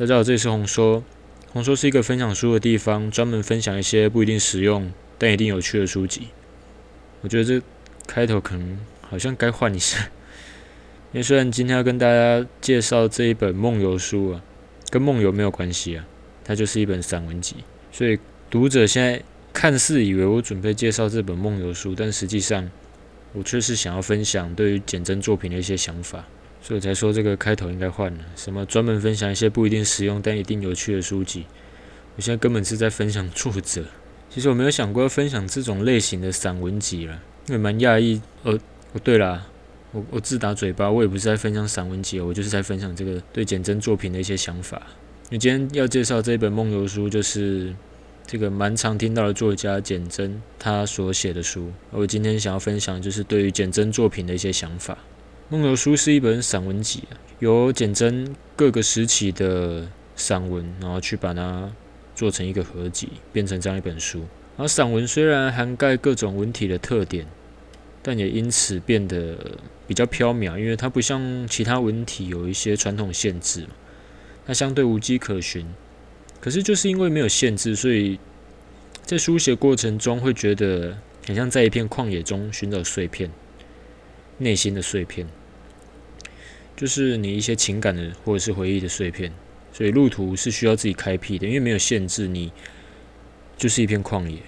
大家好，這裡是紅說。紅說是一個分享書的地方，專門分享一些不一定實用但一定有趣的書籍。我覺得這開頭可能好像該換一下，因為雖然今天要跟大家介紹這一本夢遊書啊，跟夢遊沒有關係啊，它就是一本散文集。所以讀者現在看似以為我準備介紹這本夢遊書，但實際上我卻是想要分享對於簡媜作品的一些想法。所以我才說這個開頭應該換了，什麼專門分享一些不一定實用但一定有趣的書籍。我現在根本是在分享作者。其實我沒有想過要分享這種類型的散文集了，因為蠻訝異。呃，哦對啦，我我自打嘴巴，我也不是在分享散文集，我就是在分享這個對簡媜作品的一些想法。我今天要介紹這本《夢遊書》，就是這個蠻常聽到的作家簡媜他所寫的書。我今天想要分享，就是對於簡媜作品的一些想法。《夢遊書》是一本散文集，由簡媜各個時期的散文，然後去把它做成一個合集，變成這樣一本書。而散文雖然涵蓋各種文體的特點，但也因此變得比較飄渺，因為它不像其他文體有一些傳統限制，它相對無跡可尋。可是就是因為沒有限制，所以在書寫過程中會覺得很像在一片曠野中尋找碎片，內心的碎片。就是你一些情感的或者是回憶的碎片，所以路途是需要自己開闢的，因為沒有限制，你就是一片曠野。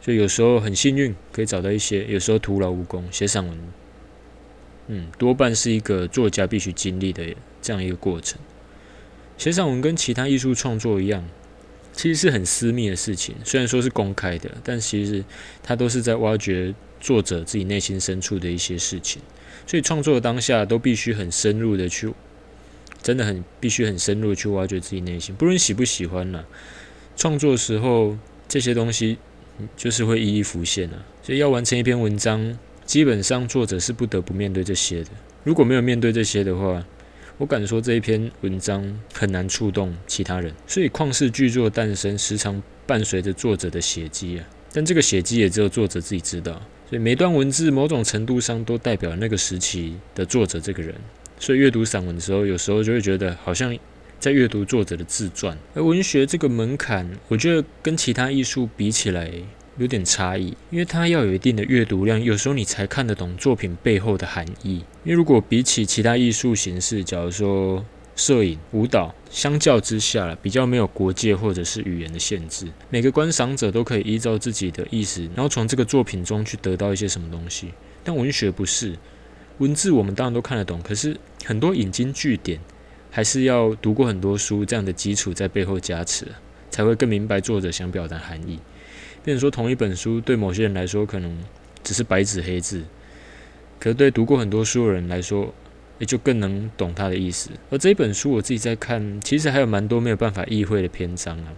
所以有時候很幸運可以找到一些，有時候徒勞無功寫散文。嗯，多半是一個作家必須經歷的這樣一個過程。寫散文跟其他藝術創作一樣。其實是很私密的事情，雖然說是公開的，但其實它都是在挖掘作者自己內心深處的一些事情。所以創作的當下都必須很深入的去，真的很必須很深入的去挖掘自己內心，不論喜不喜歡呢啊。創作的時候這些東西就是會一一浮現啊。所以要完成一篇文章，基本上作者是不得不面對這些的。如果沒有面對這些的話，我敢說這一篇文章很難觸動其他人，所以曠世巨作誕生時常伴隨着作者的血跡啊，但這個血跡也只有作者自己知道，所以每一段文字某種程度上都代表了那個時期的作者這個人，所以閱讀散文的時候，有時候就會覺得好像在閱讀作者的自傳。而文學這個門檻，我覺得跟其他藝術比起來，有點差異，因為它要有一定的閱讀量，有時候你才看得懂作品背後的含義。因為如果比起其他藝術形式，假如說攝影、舞蹈，相較之下，比較沒有國界或者是語言的限制，每個觀賞者都可以依照自己的意思，然後從這個作品中去得到一些什麼東西。但文學不是，文字我們當然都看得懂，可是很多引經據典，還是要讀過很多書這樣的基礎在背後加持，才會更明白作者想表達含義。變成說，同一本書對某些人來說可能只是白紙黑字，可是對讀過很多書的人來說，也、欸、就更能懂他的意思。而這一本書我自己在看，其實還有蠻多沒有辦法意會的篇章啊，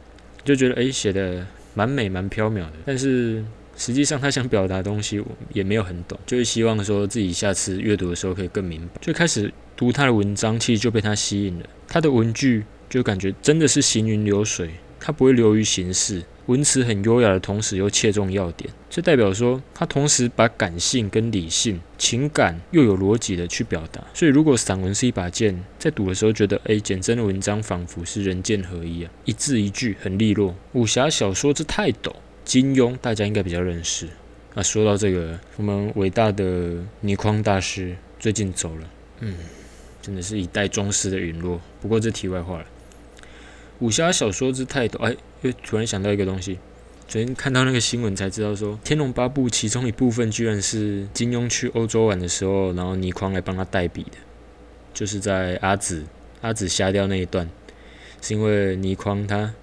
就覺得誒，寫的蠻美蠻飄渺的，但是實際上他想表達的東西我也沒有很懂，就是希望說自己下次閱讀的時候可以更明白。最開始讀他的文章，其實就被他吸引了，他的文句就感覺真的是行雲流水，他不會流於形式。文詞很優雅的同時又切中要點，這代表說他同時把感性跟理性、情感又有邏輯的去表達。所以如果散文是一把劍，在讀的時候覺得，哎，簡媜的文章仿佛是人劍合一啊，一字一句很利落。武俠小說之泰斗，金庸大家應該比較認識啊。那說到這個，我們偉大的倪匡大師最近走了，嗯，真的是一代宗師的隕落。不過這題外話了，武俠小說之泰斗，哎。就突然想到一個東西，昨天看到那個新聞才知道說，《天龍八部》其中一部分居然是金庸去歐洲玩的時候，然後倪匡來幫他代筆的，就是在阿紫阿紫瞎掉那一段，是因為倪匡他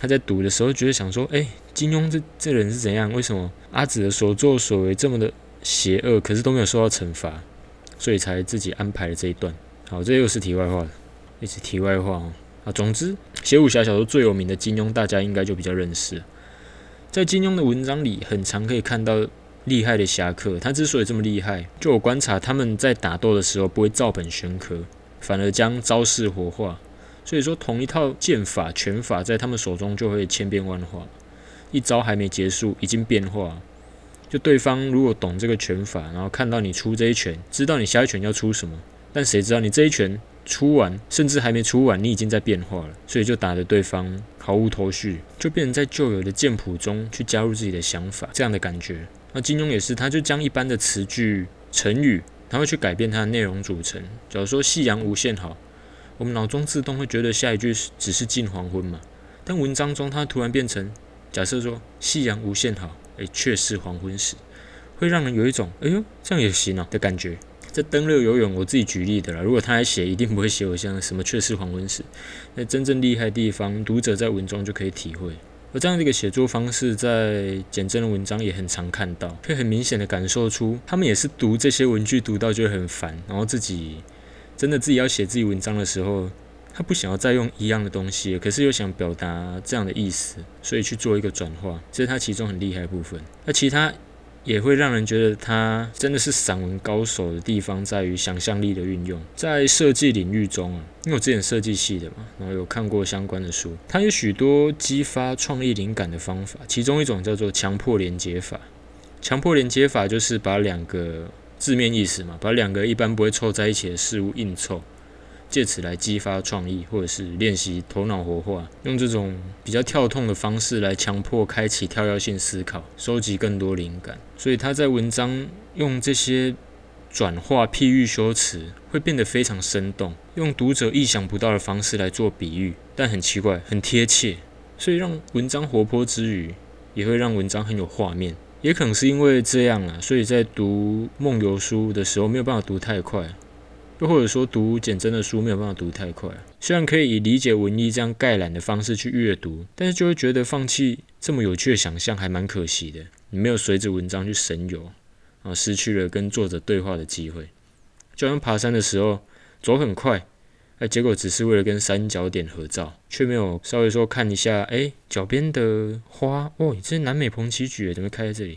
他在讀的時候覺得想說，哎、欸，金庸這這人是怎樣？為什麼阿紫的所作所為這麼的邪惡，可是都沒有受到懲罰？所以才自己安排了這一段。好，這又是題外話了，也是題外話哦。啊，總之，寫武俠小說最有名的金庸，大家應該就比較認識。在金庸的文章裡，很常可以看到厲害的俠客。他之所以這麼厲害，就我觀察，他們在打鬥的時候不會照本宣科，反而將招式活化。所以說，同一套劍法、拳法，在他們手中就會千變萬化。一招還沒結束，已經變化。就對方如果懂這個拳法，然後看到你出這一拳，知道你下一拳要出什麼，但誰知道你這一拳？出完，甚至還沒出完，你已經在變化了，所以就打得對方毫無頭緒，就變成在舊有的劍譜中去加入自己的想法，這樣的感覺。那金庸也是，他就將一般的詞句、成語，他會去改變它的內容組成。假如說夕陽無限好，我們腦中自動會覺得下一句是只是近黃昏嘛。但文章中他突然變成，假設說夕陽無限好，哎，卻是黃昏時，會讓人有一種哎呦，這樣也行呢哦的感覺。這登樂遊原，我自己舉例的啦。如果他還寫，一定不會寫我像什麼卻是黃昏時。那真正厲害的地方，讀者在文中就可以體會。而這樣的一個寫作方式，在簡媜的文章也很常看到，可以很明顯的感受出，他們也是讀這些文句，讀到就會很煩，然後自己真的自己要寫自己文章的時候，他不想要再用一樣的東西，可是又想表達這樣的意思，所以去做一個轉化，這是他其中很厲害的部分。那其他。也會讓人覺得它真的是散文高手的地方，在於想象力的運用。在設計領域中啊，因為我之前設計系的嘛，然後有看過相關的書，它有許多激發創意靈感的方法，其中一種叫做強迫連接法。強迫連接法就是把兩個字面意思嘛，把兩個一般不會湊在一起的事物硬湊。借此來激發創意，或者是練習頭腦活化，用這種比較跳痛的方式來強迫開啟跳躍性思考，收集更多靈感。所以他在文章用這些轉化、譬喻、修辭，會變得非常生動，用讀者意想不到的方式來做比喻，但很奇怪，很貼切，所以讓文章活潑之餘，也會讓文章很有畫面。也可能是因為這樣啊，所以在讀夢遊書的時候，沒有辦法讀太快。又或者說讀簡媜的書沒有辦法讀太快，雖然可以以理解文意這樣概覽的方式去閱讀，但是就會覺得放棄這麼有趣的想象還蠻可惜的。你沒有隨着文章去神遊啊，失去了跟作者對話的機會。就像爬山的時候走很快，哎、啊，結果只是為了跟三角點合照，卻沒有稍微說看一下，哎、欸，腳邊的花，哦，這是南美蟛蜞菊，哎，怎麼開在這裡？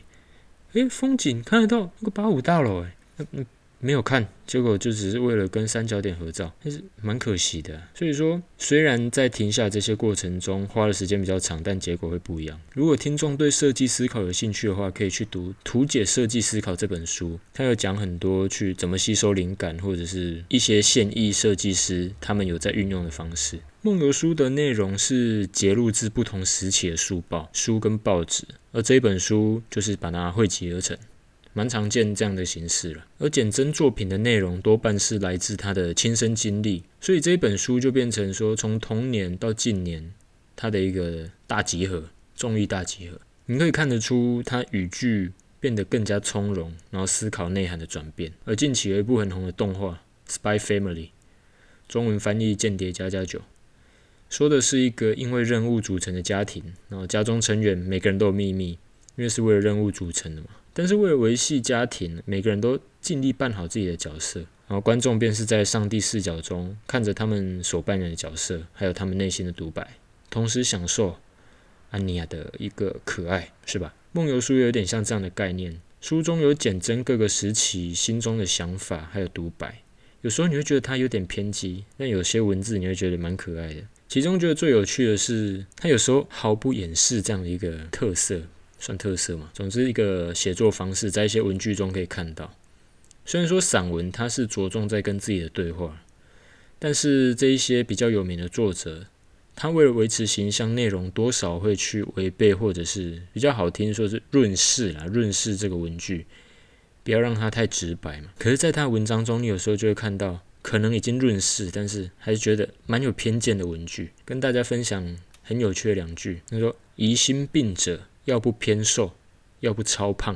哎、欸，風景看得到那個八五大樓，哎、嗯。沒有看，結果就只是為了跟三角點合照，還是蠻可惜的啊。所以說，雖然在停下這些過程中花的時間比較長，但結果會不一樣。如果聽眾對設計思考有興趣的話，可以去讀《圖解設計思考》這本書，它有講很多去怎麼吸收靈感，或者是一些現役設計師他們有在運用的方式。夢遊書的內容是截錄自不同時期的書報、書跟報紙，而這一本書就是把它匯集而成。蠻常見這樣的形式了。而簡媜作品的內容多半是來自他的親身經歷，所以這一本書就變成說，從童年到近年他的一個大集合，綜藝大集合。你可以看得出他語句變得更加從容，然後思考內涵的轉變。而近期有一部很紅的動畫《Spy Family》，中文翻譯《間諜家家酒》，說的是一個因為任務組成的家庭，然後家中成員每個人都有秘密，因為是為了任務組成的嘛。但是為了維繫家庭，每個人都盡力扮好自己的角色，然後觀眾便是在上帝視角中看着他們所扮演的角色，還有他們內心的獨白，同時享受安妮亞的一個可愛，是吧？夢遊書也有點像這樣的概念，書中有簡媜各個時期心中的想法，還有獨白，有時候你會覺得他有點偏激，但有些文字你會覺得蠻可愛的。其中覺得最有趣的是，他有時候毫不掩飾這樣的一個特色。算特色嘛？總之，一個寫作方式，在一些文句中可以看到。雖然說散文，它是着重在跟自己的對話，但是這一些比較有名的作者，他為了維持形象，內容多少會去違背，或者是比較好聽，說是潤飾啦，潤飾這個文句，不要讓它太直白嘛。可是，在他文章中，你有時候就會看到，可能已經潤飾，但是還是覺得蠻有偏見的文句。跟大家分享很有趣的兩句，他說：“疑心病者。”要不偏瘦，要不超胖。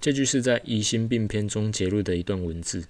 這句是在《疑心病篇》中節錄的一段文字，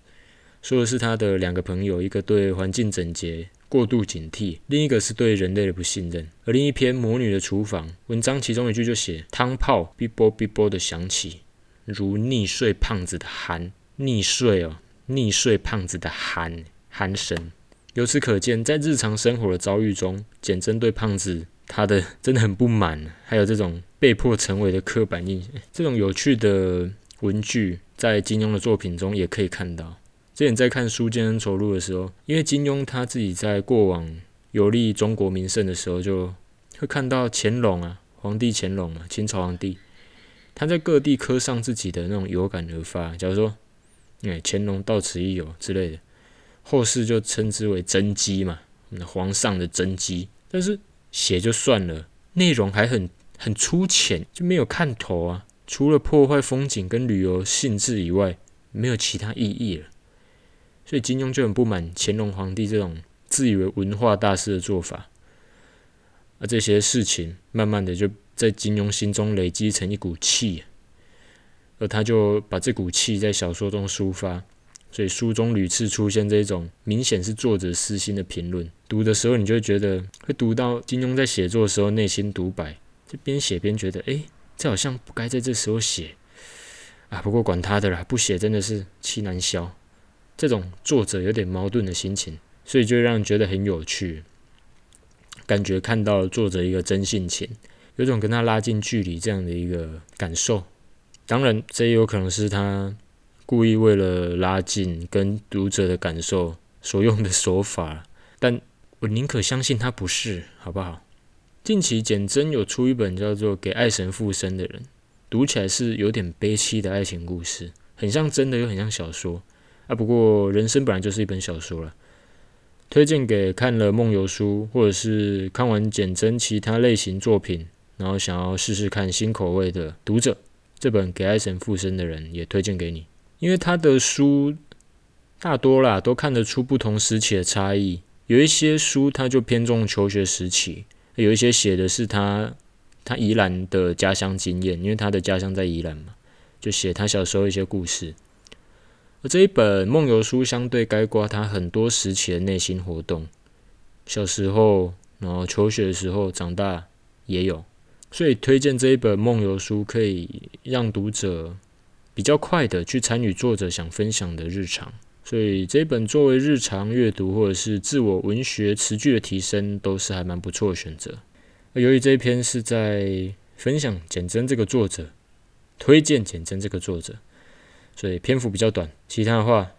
說的是他的兩個朋友，一個對環境整潔過度警惕，另一個是對人類的不信任。而另一篇《魔女的廚房》文章，其中一句就寫：“湯泡嗶啵嗶啵的響起，如溺睡胖子的鼾。”溺睡哦，溺睡胖子的鼾鼾聲。由此可見，在日常生活的遭遇中，簡媜對胖子，他的真的很不滿，還有這種被迫成為的刻板印象。這種有趣的文具，在金庸的作品中也可以看到。之前在看《書劍恩仇錄》的時候，因為金庸他自己在過往遊歷中國名勝的時候就，就會看到乾隆啊，皇帝乾隆啊，清朝皇帝，他在各地刻上自己的那種有感而發。假如說，哎、欸，乾隆到此一遊之類的，後世就稱之為真跡嘛，皇上的真跡，但是。寫就算了，內容還很很粗淺，就沒有看頭啊！除了破壞風景跟旅遊興致以外，沒有其他意義了。所以金庸就很不滿乾隆皇帝這種自以為文化大師的做法，而這些事情慢慢的就在金庸心中累積成一股氣，而他就把這股氣在小說中抒發。所以書中屢次出現這種明顯是作者私心的評論，讀的時候你就會覺得會讀到金庸在寫作的時候內心獨白，就邊寫邊覺得、欸，哎，這好像不該在這時候寫，啊，不過管他的啦，不寫真的是氣難消，這種作者有點矛盾的心情，所以就讓人覺得很有趣，感覺看到作者一個真性情，有種跟他拉近距離這樣的一個感受，當然這也有可能是他。故意為了拉近跟讀者的感受所用的手法，但我寧可相信他不是，好不好？近期簡媜有出一本叫做《給愛神附身的人》，讀起來是有點悲悽的愛情故事，很像真的又很像小說啊。不過人生本來就是一本小說了，推薦給看了《夢遊書》或者是看完簡媜其他類型作品，然後想要試試看新口味的讀者，這本《給愛神附身的人》也推薦給你。因為他的書大多啦，都看得出不同時期的差異。有一些書，他就偏重求學時期；有一些寫的是他他宜蘭的家鄉經驗，因為他的家鄉在宜蘭嘛，就寫他小時候一些故事。而這一本《夢遊書》相對概括他很多時期的內心活動，小時候，然後求學的時候，長大也有，所以推薦這一本《夢遊書》，可以讓讀者。比較快的去參與作者想分享的日常，所以這本作為日常閱讀或者是自我文學詞句的提升，都是還蠻不錯的選擇。而由於這一篇是在分享簡媜這個作者，推薦簡媜這個作者，所以篇幅比較短。其他的話，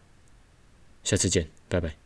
下次見，拜拜。